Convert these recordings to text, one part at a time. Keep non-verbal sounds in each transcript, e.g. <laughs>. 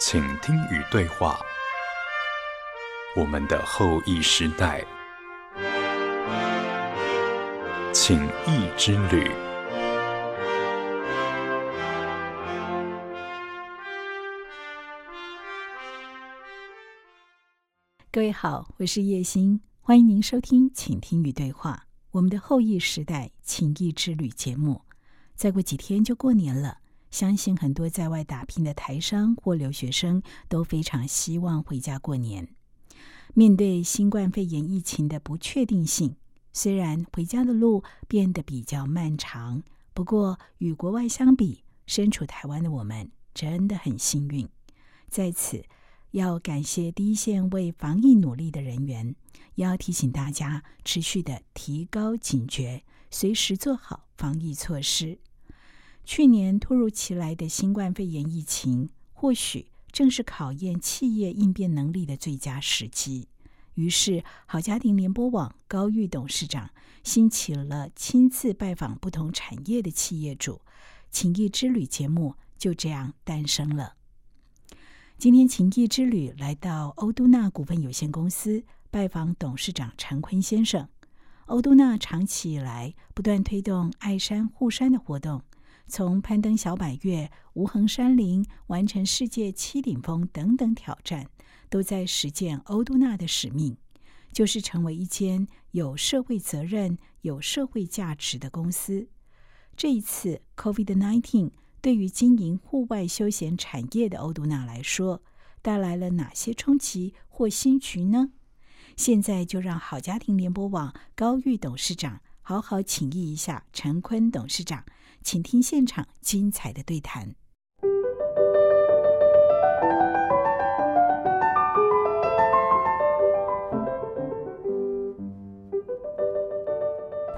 請聽與對話，我們的後疫情時代，請益之旅。各位好，我是葉欣，歡迎您收聽《請聽與對話》，我們的後疫情時代，請益之旅節目。再過幾天就過年了。相信很多在外打拼的台商或留學生都非常希望回家過年。面對新冠肺炎疫情的不確定性，雖然回家的路變得比較漫長，不過與國外相比，身處台灣的我們真的很幸運。在此，要感謝第一線為防疫努力的人員，也要提醒大家持續的提高警覺，隨時做好防疫措施。去年突如其來的新冠肺炎疫情，或許正是考驗企業應變能力的最佳時機。於是，好家庭聯播網高鈺董事長興起了親自拜訪不同產業的企業主，請益之旅節目就這樣誕生了。今天，請益之旅來到歐都納股份有限公司拜訪董事長程鯤先生。歐都納長期以來不斷推動愛山護山的活動。從攀登小百岳、無痕山林，完成世界七頂峰等等挑戰，都在實踐歐都納的使命，就是成為一間有社會責任、有社會價值的公司。這一次，COVID-19 對於經營戶外休閒產業的歐都納來說，帶來了哪些衝擊或新局呢？現在就讓好家庭聯播網高鈺董事長好好請益一下程鯤董事長。請聽現場精彩的對談。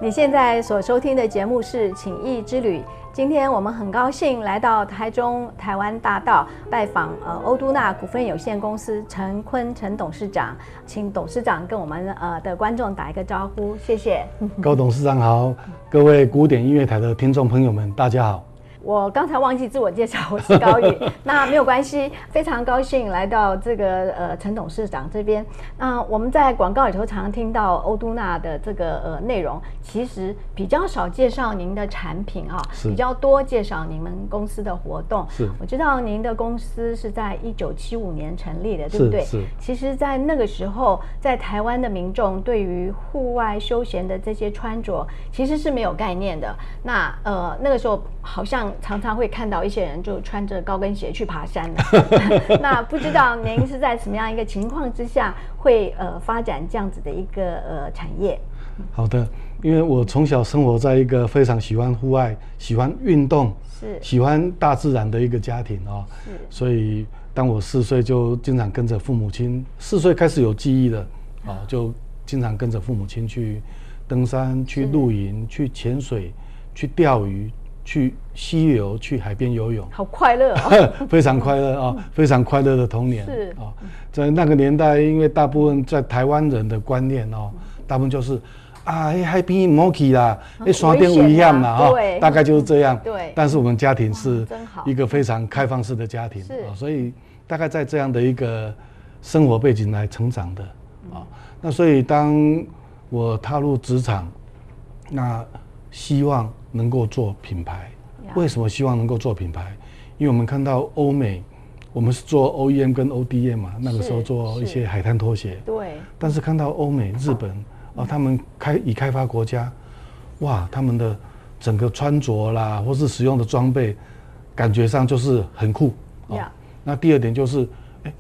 你現在所收聽的節目是《請益之旅》。今天我們很高興來到台中台灣大道拜訪呃歐都納股份有限公司程鯤程董事長，請董事長跟我們呃的觀眾打一個招呼，謝謝。高董事長好， <laughs> 各位古典音樂台的聽眾朋友們，大家好。我剛才忘記自我介紹，我是高鈺。 <laughs> 那沒有關係，非常高興來到這個呃程董事長這邊。那我們在廣告裡頭常常聽到歐都納的這個呃內容，其實比較少介紹您的產品啊，是比較多介紹你們公司的活動。是。我知道您的公司是在一九七五年成立的，是對不對？是。其實，在那個時候，在台灣的民眾對於戶外休閒的這些穿着，其實是沒有概念的。那呃，那個時候好像。常常會看到一些人就穿着高跟鞋去爬山、啊， <laughs> <laughs> 那不知道您是在什麼樣一個情況之下會呃發展這樣子的一個呃產業？好的，因為我從小生活在一個非常喜歡戶外、喜歡運動、是喜歡大自然的一個家庭哦，是所以當我四歲就經常跟着父母親，四歲開始有記憶了好啊，就經常跟着父母親去登山、是去露營、去潛水、去釣魚。去溪流，去海邊游泳，好快樂、哦， <laughs> 非常快樂啊、哦！ <laughs> 非常快樂的童年是在那個年代，因為大部分在台灣人的觀念哦，大部分就是啊，海邊摸起啦，哎、啊，刷點烏鴉嘛，啊，啊對、哦，大概就是這樣。對，但是我們家庭是一個非常開放式的家庭，是、啊、所以大概在這樣的一個生活背景來成長的啊。是嗯、那所以當我踏入職場，那希望。能夠做品牌，Yeah. 為什麼希望能夠做品牌？因為我們看到歐美，我們是做 OEM 跟 ODM 嘛，是那個時候做一些海灘拖鞋。對。但是看到歐美、日本啊，他們開已開發國家，哇，他們的整個穿着啦，或是使用的裝備，感覺上就是很酷。啊。Yeah. 那第二點就是，哎、欸，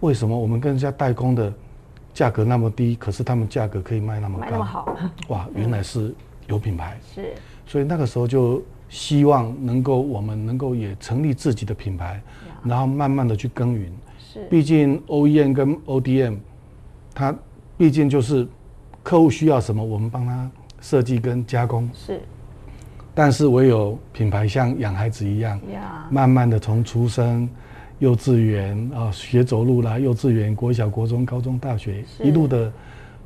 為什麼我們跟人家代工的價格那麼低，可是他們價格可以賣那麼高？那麼好。哇，原來是有品牌。嗯、是。所以那個時候就希望能夠我們能夠也成立自己的品牌，Yeah. 然後慢慢的去耕耘。是，畢竟 OEM 跟 ODM，它畢竟就是客戶需要什麼，我們幫他設計跟加工。是，但是唯有品牌像養孩子一樣，Yeah. 慢慢的從出生、幼稚園啊、哦、學走路啦，幼稚園、國小、國中、高中、大學是一路的。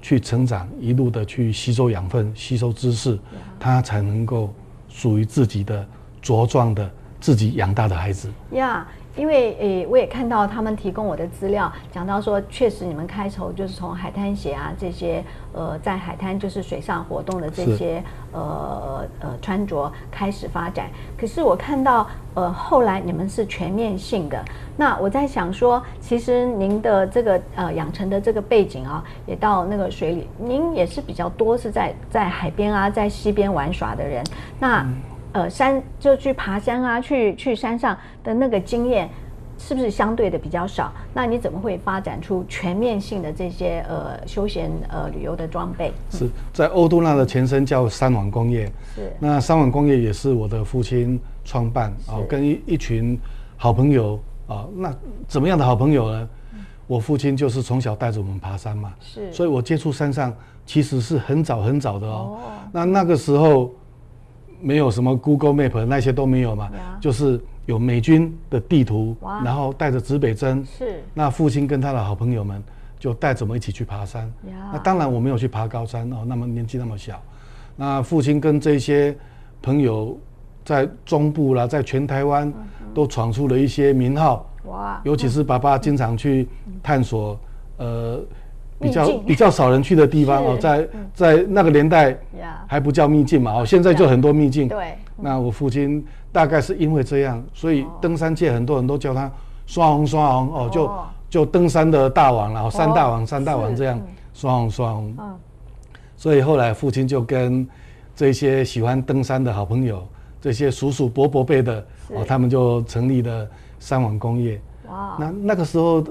去成長，一路的去吸收養分，吸收知識，他才能夠屬於自己的茁壯的。自己養大的孩子呀，yeah, 因為誒、欸，我也看到他們提供我的資料，講到說，確實你們開頭就是從海灘鞋啊這些，呃，在海灘就是水上活動的這些，是呃呃穿着開始發展。可是我看到，呃，後來你們是全面性的。那我在想說，其實您的這個呃養成的這個背景啊，也到那個水裡，您也是比較多是在在海邊啊，在溪邊玩耍的人。那。嗯呃，山就去爬山啊，去去山上的那個經驗，是不是相對的比較少？那你怎麼會發展出全面性的這些呃休閒呃旅遊的裝備？是在歐都納的前身叫三網工業，是那三網工業也是我的父親創辦啊是、哦，跟一一群好朋友啊、哦，那怎麼樣的好朋友呢？嗯、我父親就是從小帶着我們爬山嘛，是，所以我接觸山上其實是很早很早的哦，哦那那個時候。沒有什麼 Google Map，那些都沒有嘛，Yeah. 就是有美軍的地圖，Wow. 然後帶着指北針，是，那父親跟他的好朋友們就帶着我們一起去爬山。Yeah. 那當然我沒有去爬高山哦，那麼年紀那麼小，那父親跟這些朋友在中部啦，在全台灣都闖出了一些名號。哇，Wow. 尤其是爸爸經常去探索，呃。比較比較少人去的地方哦，在在那個年代還不叫秘境嘛哦，現在就很多秘境。對，那我父親大概是因為這樣，所以登山界很多人都叫他“雙紅雙紅”哦，就就登山的大王然後山大王山大王這樣“雙紅雙紅”。嗯，所以後來父親就跟這些喜歡登山的好朋友，這些叔叔伯伯輩的哦，他們就成立了山網工業。哇，那那個時候。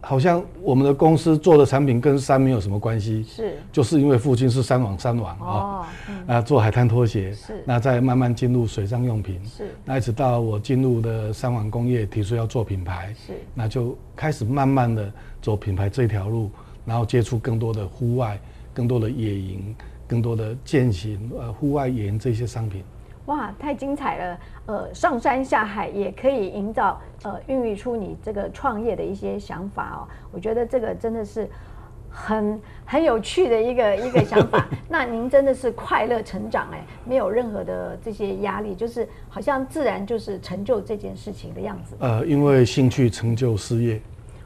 好像我們的公司做的產品跟山沒有什麼關係，是就是因為附近是山王山王，哦、啊，那做海灘拖鞋，是那再慢慢進入水上用品，是那一直到我進入的山王工業提出要做品牌，是那就開始慢慢的走品牌這條路，然後接觸更多的戶外、更多的野營、更多的健行呃戶外野營這些商品。哇，太精彩了！呃，上山下海也可以營造，呃，孕育出你這個創業的一些想法哦。我覺得這個真的是很很有趣的一個一個想法。 <laughs> 那您真的是快樂成長哎，沒有任何的這些壓力，就是好像自然就是成就這件事情的樣子。呃，因為興趣成就事業。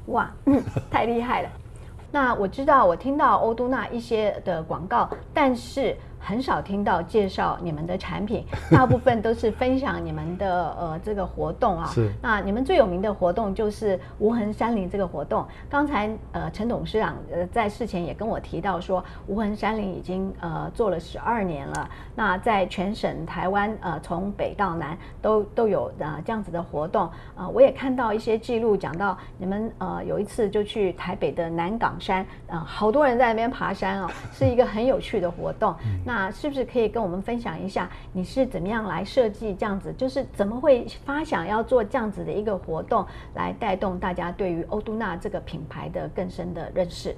哇、嗯，太厲害了！ <laughs> 那我知道，我聽到歐都納一些的廣告，但是。很少聽到介紹你們的產品，大部分都是分享你們的呃這個活動啊。是。那你們最有名的活動就是無痕山林這個活動。剛才呃程董事長呃在事前也跟我提到說，無痕山林已經呃做了十二年了。那在全省台灣呃從北到南都都有啊、呃、這樣子的活動。呃，我也看到一些記錄講到你們呃有一次就去台北的南港山，呃，好多人在那邊爬山哦，是一個很有趣的活動。嗯。那。那是不是可以跟我們分享一下，你是怎麼樣來設計這樣子？就是怎麼會發想要做這樣子的一個活動，來帶動大家對於歐都納這個品牌的更深的認識？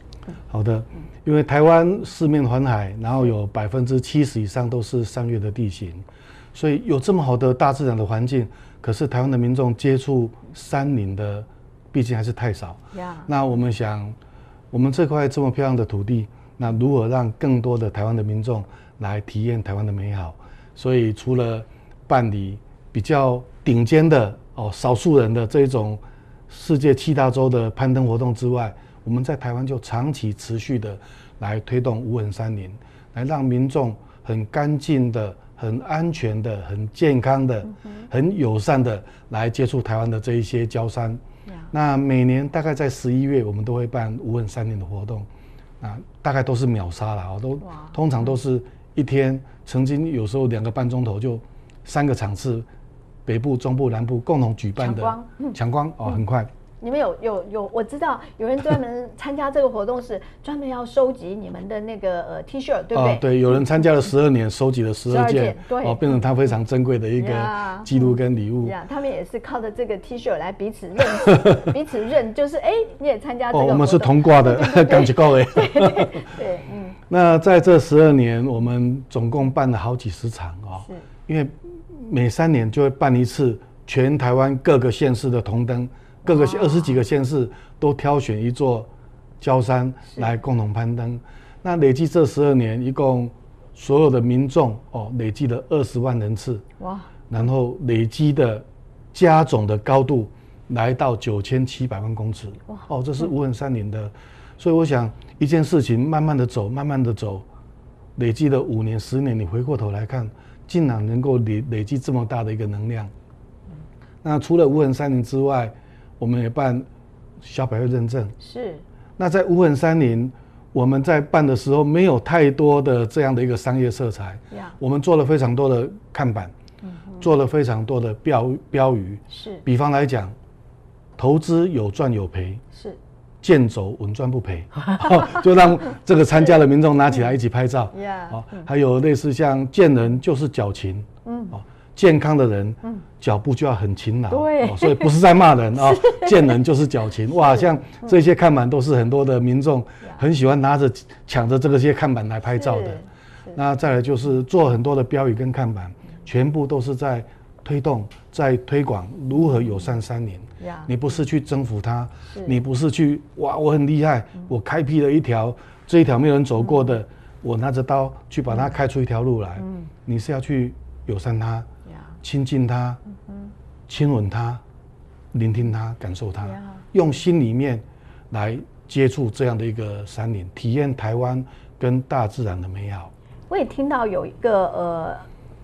好的，因為台灣四面環海，然後有百分之七十以上都是山岳的地形，所以有這麼好的大自然的環境。可是台灣的民眾接觸山林的，畢竟還是太少。Yeah. 那我們想，我們這塊這麼漂亮的土地，那如何讓更多的台灣的民眾？來體驗台灣的美好，所以除了辦理比較頂尖的哦少數人的這種世界七大洲的攀登活動之外，我們在台灣就長期持續的來推動無痕山林，來讓民眾很乾淨的、很安全的、很健康的、很友善的來接觸台灣的這一些高山。那每年大概在十一月，我們都會辦無痕山林的活動，啊，大概都是秒殺了啊，都通常都是。一天，曾經有時候兩個半鐘頭就三個場次，北部、中部、南部共同舉辦的搶光，嗯，搶光哦，嗯，很快。你們有有有，我知道有人專門參加這個活動，是專門要收集你們的那個呃 T 恤，shirt, <laughs> 對不對、啊？對，有人參加了十二年，收集了十二件，件哦，變成他非常珍貴的一個記錄跟禮物。啊，他們也是靠着這個 T 恤來彼此認識， <laughs> 彼此認，就是哎，你也參加這個、哦？我們是同掛的，感情高哎。對，嗯。那在這十二年，我們總共辦了好幾十場啊，哦、是因為每三年就會辦一次全台灣各個縣市的同燈。各個縣二十幾個縣市都挑選一座郊山來共同攀登，是那累計這十二年一共所有的民眾哦，累計了二十萬人次哇，然後累計的加總的高度來到九千七百萬公尺哇哦，這是無痕山林的，嗯、所以我想一件事情慢慢的走，慢慢的走，累計了五年、十年，你回過頭來看，竟然能夠累累積這麼大的一個能量。嗯、那除了無痕山林之外，我們也辦小百岳認證，是。那在無痕山林，我們在辦的時候沒有太多的這樣的一個商業色彩。Yeah. 我們做了非常多的看板，mm hmm. 做了非常多的標語標語。是。比方來講，投資有賺有賠，是。撿走穩賺不賠， <laughs> 就讓這個參加的民眾拿起來一起拍照。啊 <laughs> 是、哦，還有類似像見人就是矯情，Yeah. 嗯、哦健康的人，腳步就要很勤勞，對，所以不是在罵人啊，健人就是腳勤，哇，像這些看板都是很多的民眾很喜歡拿着搶着這個些看板來拍照的，那再來就是做很多的標語跟看板，全部都是在推動在推廣如何友善山林，你不是去征服他，你不是去哇我很厲害，我開闢了一條這一條沒有人走過的，我拿着刀去把它開出一條路來，你是要去友善他。親近它，親吻它，聆聽它，感受它，用心裡面來接觸這樣的一個山林，體驗台灣跟大自然的美好。我也聽到有一個呃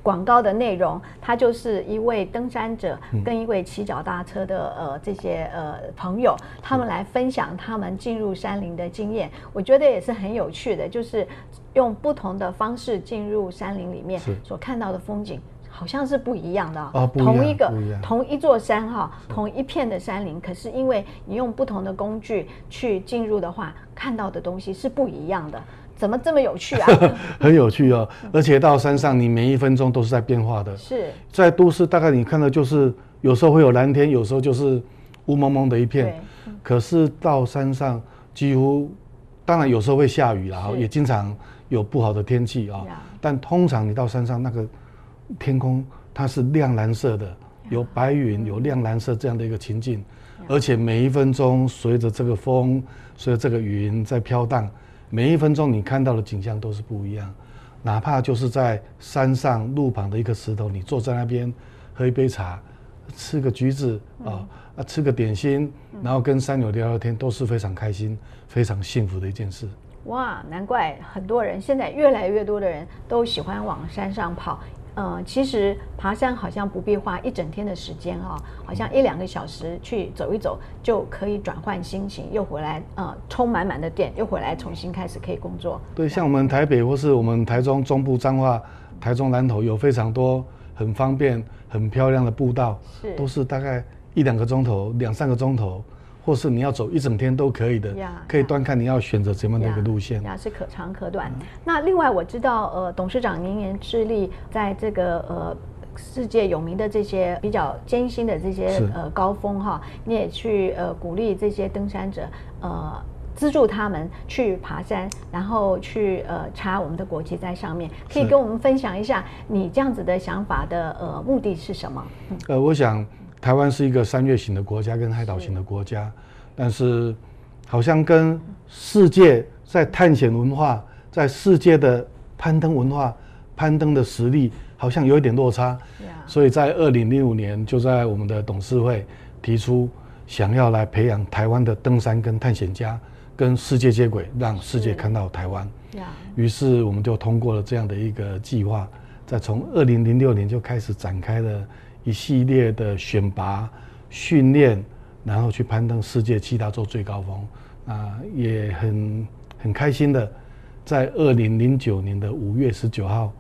廣告的內容，它就是一位登山者跟一位騎腳踏車的呃這些呃朋友，他們來分享他們進入山林的經驗。我覺得也是很有趣的，就是用不同的方式進入山林裡面所看到的風景。好像是不一樣的啊、哦，哦、同一個一同一座山哈、哦，是 同一片的山林，可是因為你用不同的工具去進入的話，看到的東西是不一樣的。怎麼這麼有趣啊？ <laughs> 很有趣哦，而且到山上你每一分鐘都是在變化的。是，在都市大概你看到就是有時候會有藍天，有時候就是霧濛濛的一片。可是到山上幾乎，當然有時候會下雨然後、啊、也經常有不好的天氣啊。但通常你到山上那個。天空它是亮藍色的，有白雲，有亮藍色這樣的一個情境，而且每一分鐘隨着這個風，隨着這個雲在飄蕩，每一分鐘你看到的景象都是不一樣。哪怕就是在山上路旁的一個石頭，你坐在那邊喝一杯茶，吃個橘子啊，吃個點心，然後跟山友聊聊天，都是非常開心、非常幸福的一件事。哇，難怪很多人現在越來越多的人都喜歡往山上跑。嗯，其實爬山好像不必花一整天的時間哈、哦，好像一兩個小時去走一走就可以轉換心情，又回來呃、嗯、充滿滿的電，又回來重新開始可以工作。對，樣像我們台北或是我們台中中部彰化，台中南投有非常多很方便、很漂亮的步道，是都是大概一兩個鐘頭、兩三個鐘頭。或是你要走一整天都可以的，yeah, 可以端看你要選擇什麼樣的一個路線，yeah, yeah, 是可長可短。嗯、那另外我知道，呃，董事長您也致力在這個呃世界有名的這些比較艱辛的這些是呃高峰哈、哦，你也去呃鼓勵這些登山者，呃資助他們去爬山，然後去呃插我們的國旗在上面，可以跟我們分享一下你這樣子的想法的呃目的是什麼？嗯、呃，我想。台灣是一個山嶽型的國家跟海島型的國家，但是好像跟世界在探險文化，在世界的攀登文化，攀登的實力好像有一點落差，所以在二零零五年就在我們的董事會提出想要來培養台灣的登山跟探險家，跟世界接軌，讓世界看到台灣。於是我們就通過了這樣的一個計劃，再從二零零六年就開始展開了。一系列的選拔、訓練，然後去攀登世界七大洲最高峰。啊、呃，也很很開心的，在二零零九年的五月十九號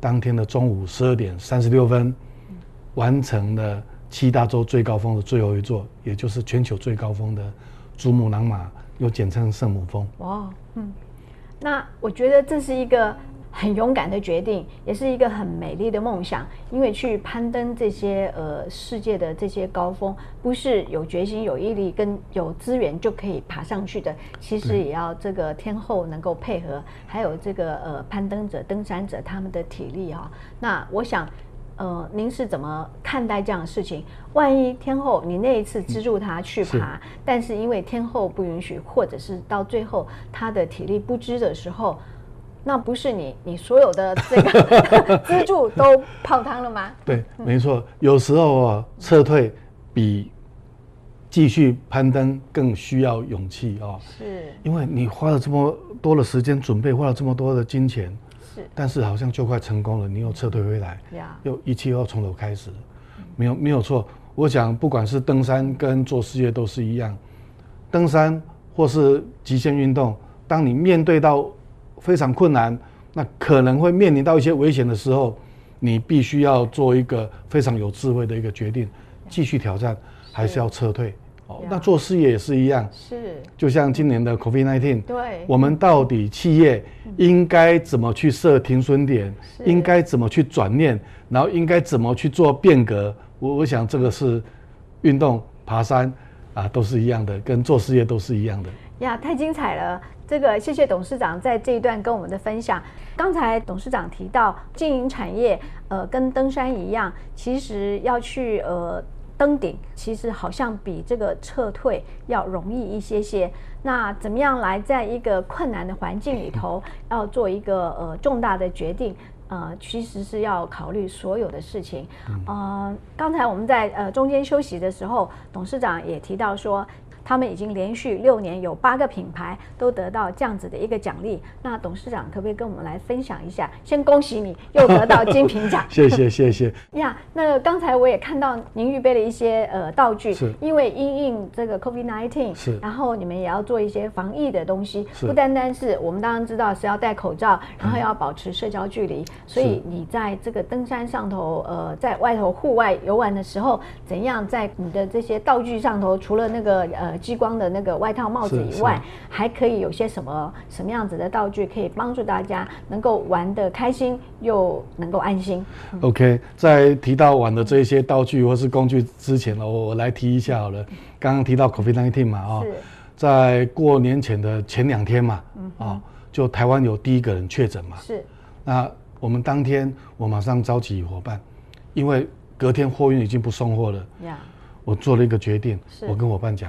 當天的中午十二點三十六分，嗯、完成了七大洲最高峰的最後一座，也就是全球最高峰的珠穆朗瑪，又簡稱聖母峰。哇、哦，嗯，那我覺得這是一個。很勇敢的決定，也是一個很美麗的夢想。因為去攀登這些呃世界的這些高峰，不是有決心、有毅力跟有資源就可以爬上去的。其實也要這個天候能夠配合，還有這個呃攀登者、登山者他們的體力哈、啊。那我想，呃，您是怎麼看待這樣的事情？萬一天候你那一次資助他去爬，是，但是因為天候不允許，或者是到最後他的體力不支的時候。那不是你，你所有的這個資助都泡湯了嗎？ <laughs> 對，沒錯。有時候啊、哦，撤退比繼續攀登更需要勇氣哦。是，因為你花了這麼多的時間準備，花了這麼多的金錢，是，但是好像就快成功了，你又撤退回來，Yeah. 又一切又要從頭開始。沒有，沒有錯。我想，不管是登山跟做事業都是一樣，登山或是極限運動，當你面對到。非常困難，那可能會面臨到一些危險的時候，你必須要做一個非常有智慧的一個決定，繼續挑戰還是要撤退？哦，那做事業也是一樣，是，就像今年的 COVID-19，對，我們到底企業應該怎麼去設停損點，嗯、是，應該怎麼去轉念，然後應該怎麼去做變革？我我想這個是運動爬山啊，都是一樣的，跟做事業都是一樣的。呀，yeah, 太精彩了！這個謝謝董事長在這一段跟我們的分享。剛才董事長提到，經營產業，呃，跟登山一樣，其實要去呃登頂，其實好像比這個撤退要容易一些些。那怎麼樣來在一個困難的環境裡頭，要做一個呃重大的決定？呃，其實是要考慮所有的事情。嗯，剛才我們在呃中間休息的時候，董事長也提到說。他們已經連續六年有八個品牌都得到這樣子的一個獎勵。那董事長可不可以跟我們來分享一下？先恭喜你又得到金瓶獎， <laughs> 謝謝謝謝呀。 <laughs> yeah, 那剛才我也看到您預備了一些呃道具，是因為因應這個 COVID-19，是。然後你們也要做一些防疫的東西，是不單單是我們當然知道是要戴口罩，然後要保持社交距離。嗯、所以你在這個登山上頭，呃，在外頭戶外遊玩的時候，怎樣在你的這些道具上頭，除了那個呃。激光的那個外套帽子以外，還可以有些什麼什麼樣子的道具，可以幫助大家能夠玩得開心又能夠安心，嗯。OK，在提到玩的這些道具或是工具之前，我我來提一下好了。剛剛提到 COVID nineteen 嘛，哦，在過年前的前兩天嘛，哦，就台灣有第一個人確診嘛，是。那我們當天我馬上召集夥伴，因為隔天貨運已經不送貨了，我做了一個決定，我跟夥伴講。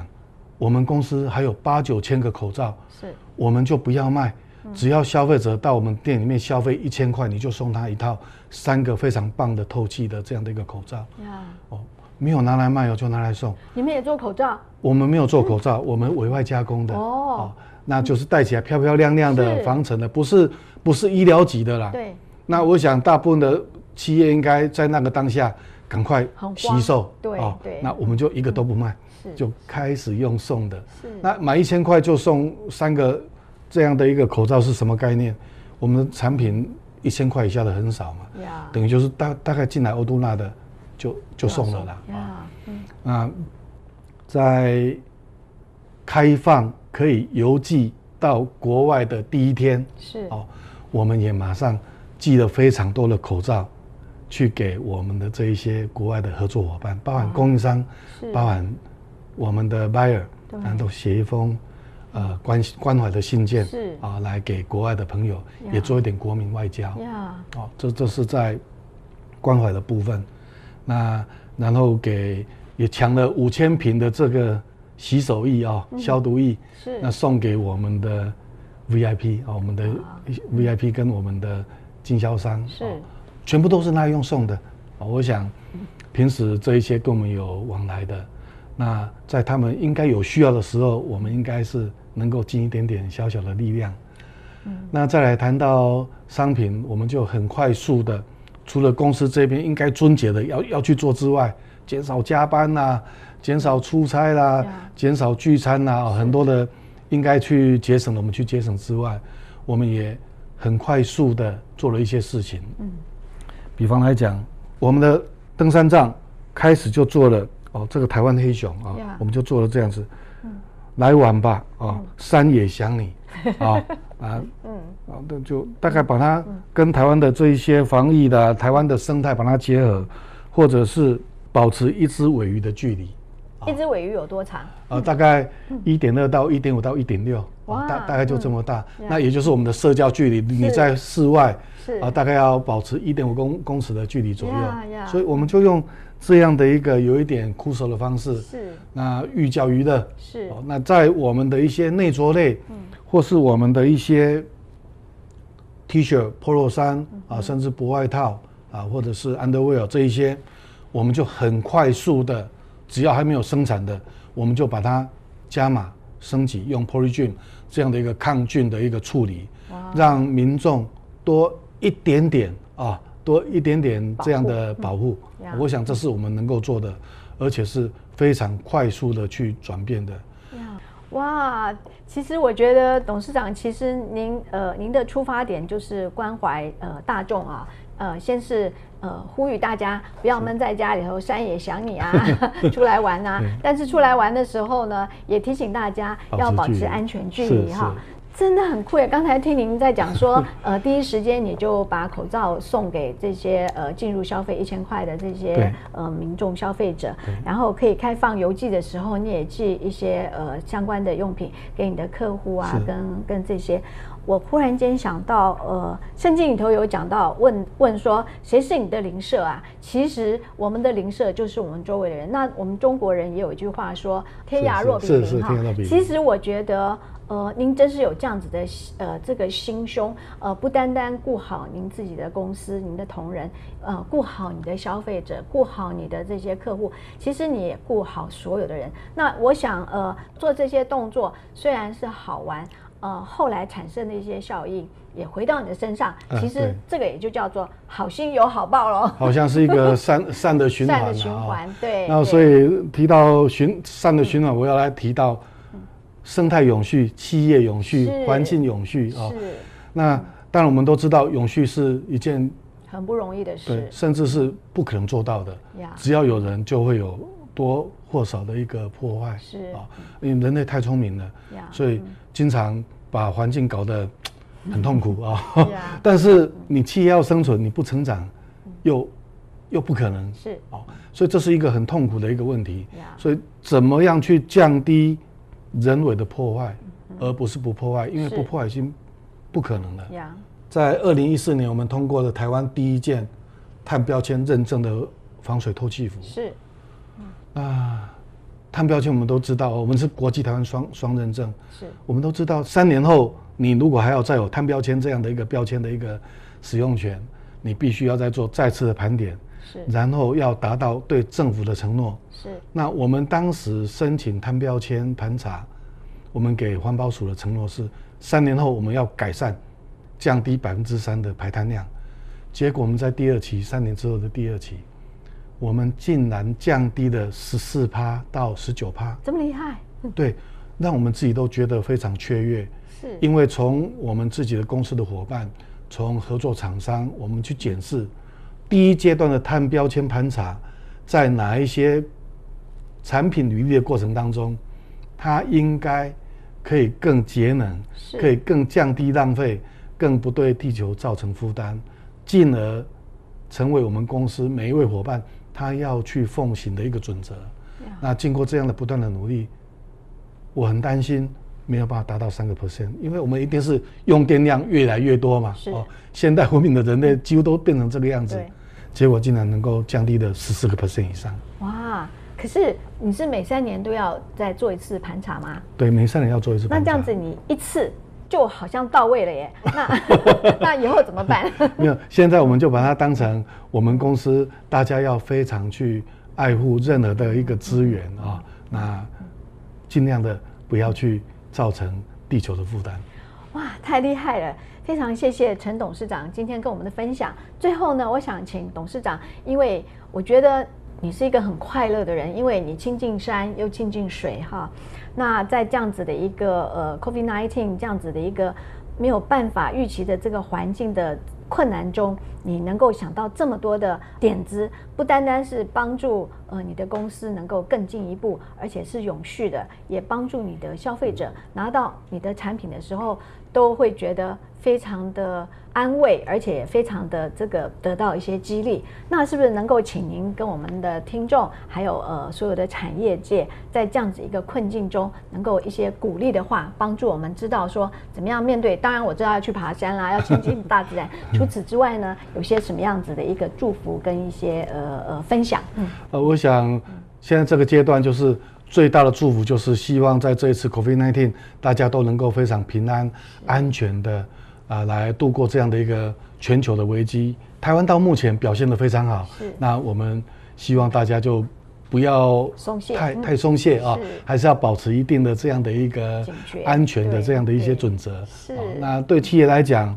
我們公司還有八九千個口罩，是，我們就不要賣，只要消費者到我們店裡面消費一千塊，你就送他一套三個非常棒的透氣的這樣的一個口罩。哇，哦，沒有拿來賣，就拿來送。你們也做口罩？我們沒有做口罩，我們委外加工的。哦，那就是戴起來漂漂亮亮的防塵的，不是不是醫療級的啦。對。那我想大部分的企業應該在那個當下趕快吸收。對。對。那我們就一個都不賣。就開始用送的。是那買一千塊就送三個這樣的一個口罩是什麼概念？我們的產品一千塊以下的很少嘛，Yeah. 等於就是大大概進來歐都納的就就送了啦。Yeah. 那在開放可以郵寄到國外的第一天，是哦，我們也馬上寄了非常多的口罩去給我們的這一些國外的合作伙伴，包含供應商，oh. 是包含。我們的 buyer 對然後寫一封，呃關關懷的信件，是啊來給國外的朋友 Yeah. 也做一點國民外交，Yeah. 哦，這這是在關懷的部分，那然後給也搶了五千瓶的這個洗手液啊、哦嗯、消毒液，是那送給我們的 VIP 啊、哦、我們的 VIP 跟我們的經銷商是、哦，全部都是那用送的、哦，我想平時這一些跟我們有往來的。那在他們應該有需要的時候，我們應該是能夠盡一點點小小的力量。嗯、那再來談到商品，我們就很快速的，除了公司這邊應該撙節的要要去做之外，減少加班啦、啊，減少出差啦、啊，減、嗯、少聚餐啦、啊，嗯、很多的應該去節省的我們去節省之外，我們也很快速的做了一些事情。嗯、比方來講，我們的登山杖開始就做了。這個台灣黑熊啊，我們就做了這樣子，來玩吧，山野想你，啊啊，嗯，那就大概把它跟台灣的這一些防疫的、台灣的生態把它結合，或者是保持一隻鮪魚的距離，一隻鮪魚有多長？啊，大概一點二到一點五到一點六，大大概就這麼大。那也就是我們的社交距離，你在室外啊，大概要保持一點五公公尺的距離左右。所以我們就用。這樣的一個有一點枯澀的方式，是那寓教於樂，是那在我們的一些內着類，嗯，或是我們的一些 T 恤、polo 衫、嗯、哼啊，甚至薄外套啊，或者是 underwear 這一些，我們就很快速的，只要還沒有生產的，我們就把它加碼升級，用 Polygiene 這樣的一個抗菌的一個處理，哇讓民眾多一點點啊。多一點點這樣的保護，保嗯、我想這是我們能夠做的，嗯、而且是非常快速的去轉變的、嗯。哇，其實我覺得董事長，其實您呃您的出發點就是關懷呃大眾啊，呃先是呃呼籲大家不要悶在家裡頭，山也想你啊，是出來玩啊， <laughs> 對但是出來玩的時候呢，也提醒大家要保持安全距離哈。是是真的很酷耶！剛才聽您在講說，呃，第一時間你就把口罩送給這些呃進入消費一千塊的這些對呃民眾消費者，對然後可以開放郵寄的時候，你也寄一些呃相關的用品給你的客戶啊，是跟跟這些。我忽然間想到，呃，聖經裡頭有講到，問問說誰是你的鄰舍啊？其實我們的鄰舍就是我們周圍的人。那我們中國人也有一句話說，天涯若比鄰，哈。其實我覺得。呃，您真是有這樣子的，呃，這個心胸，呃，不單單顧好您自己的公司、您的同仁，呃，顧好你的消費者，顧好你的這些客戶，其實你也顧好所有的人。那我想，呃，做這些動作雖然是好玩，呃，後來產生的一些效應也回到你的身上，呃、其實這個也就叫做好心有好報嘍。好像是一個善 <laughs> 善的循環、啊哦。善的循環，對。那所以提到循、啊、善的循環，我要來提到。生態永續、企業永續、環是境永續啊是、哦！那當然，我們都知道永續是一件很不容易的事，甚至是不可能做到的。Yeah. 只要有人，就會有多或少的一個破壞。是啊 Yeah.、哦，因為人類太聰明了，Yeah. 所以經常把環境搞得很痛苦啊、 <laughs> 哦。但是你企業要生存，你不成長又又不可能。是、哦、所以這是一個很痛苦的一個問題。Yeah. 所以怎麼樣去降低？人為的破壞，而不是不破壞，因為不破壞已經不可能了。Yeah. 在二零一四年，我們通過了台灣第一件碳標籤認證的防水透氣服。是啊，碳標籤我們都知道，我們是國際台灣雙雙認證。是我們都知道，三年後你如果還要再有碳標籤這樣的一個標籤的一個使用權，你必須要再做再次的盤點。是然後要達到對政府的承諾，是，那我們當時申請碳標籤盤查，我們給環保署的承諾是三年後我們要改善，降低百分之三的排碳量，結果我們在第二期三年之後的第二期，我們竟然降低了十四趴到十九趴。這麼厲害？對，讓我們自己都覺得非常雀躍，是，因為從我們自己的公司的伙伴，從合作廠商，我們去檢視。第一階段的碳標籤盤查，在哪一些產品履歷的過程當中，它應該可以更節能，是可以更降低浪費，更不對地球造成負擔，進而成為我們公司每一位夥伴他要去奉行的一個準則。Yeah. 那經過這樣的不斷的努力，我很擔心沒有辦法達到三個 percent，因為我們一定是用電量越來越多嘛。是哦，現代文明的人類幾乎都變成這個樣子。結果竟然能夠降低了十四個百分比以上！哇，可是你是每三年都要再做一次盤查嗎？對，每三年要做一次盤查。那這樣子你一次就好像到位了耶？那 <laughs> <laughs> 那以後怎麼辦？沒有，現在我們就把它當成我們公司大家要非常去愛護任何的一個資源啊、嗯嗯哦，那盡量的不要去造成地球的負擔。哇，太厲害了！非常謝謝程董事長今天跟我們的分享。最後呢，我想請董事長，因為我覺得你是一個很快樂的人，因為你親近山又親近水哈。那在這樣子的一個呃 COVID-19 這樣子的一個沒有辦法預期的這個環境的困難中，你能夠想到這麼多的點子，不單單是幫助呃你的公司能夠更進一步，而且是永續的，也幫助你的消費者拿到你的產品的時候。都會覺得非常的安慰，而且非常的這個得到一些激勵。那是不是能夠請您跟我們的聽眾，還有呃所有的產業界，在這樣子一個困境中，能夠一些鼓勵的話，幫助我們知道說怎麼樣面對？當然我知道要去爬山啦，要親近大自然。除此之外呢，有些什麼樣子的一個祝福跟一些呃呃分享。嗯，呃，我想現在這個階段就是。最大的祝福就是希望在這一次 COVID-19，大家都能夠非常平安、是安全地啊、呃，來度過這樣的一個全球的危機。台灣到目前表現得非常好，是那我們希望大家就不要鬆懈懸，太太鬆懈啊，還是要保持一定的這樣的一個安全的這樣的一些準則。啊、是、啊。那對企業來講，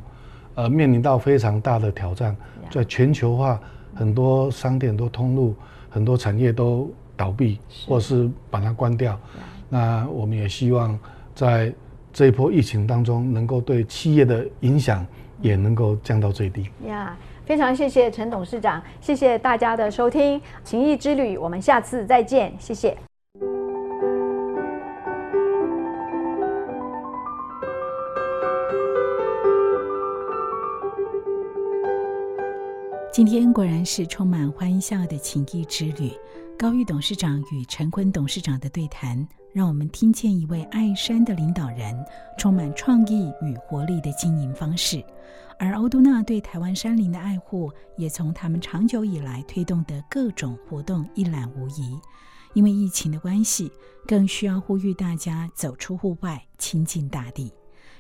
呃，面臨到非常大的挑戰，在全球化，很多商店都通路，很多產業都倒閉，或是把它關掉的，那我們也希望在這一波疫情當中，能夠對企業的影響也能夠降到最低。呀、嗯，非常謝謝程董事長，謝謝大家的收聽《請益之旅》，我們下次再見，謝謝。今天果然是充滿歡笑的請益之旅。高鈺董事長與程鯤董事長的對談，讓我們聽見一位愛山的領導人充滿創意與活力的經營方式。而歐都納對台灣山林的愛護，也從他們長久以來推動的各種活動一覽無遺。因為疫情的關係，更需要呼籲大家走出戶外，親近大地。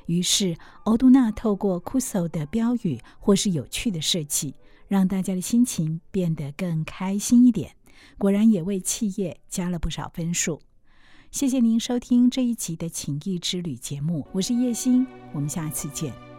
於是，歐都納透過 Kuso 的標語或是有趣的設計，讓大家的心情變得更開心一點，果然也為企業加了不少分數。謝謝您收聽這一集的請益之旅節目，我是葉欣，我們下次見。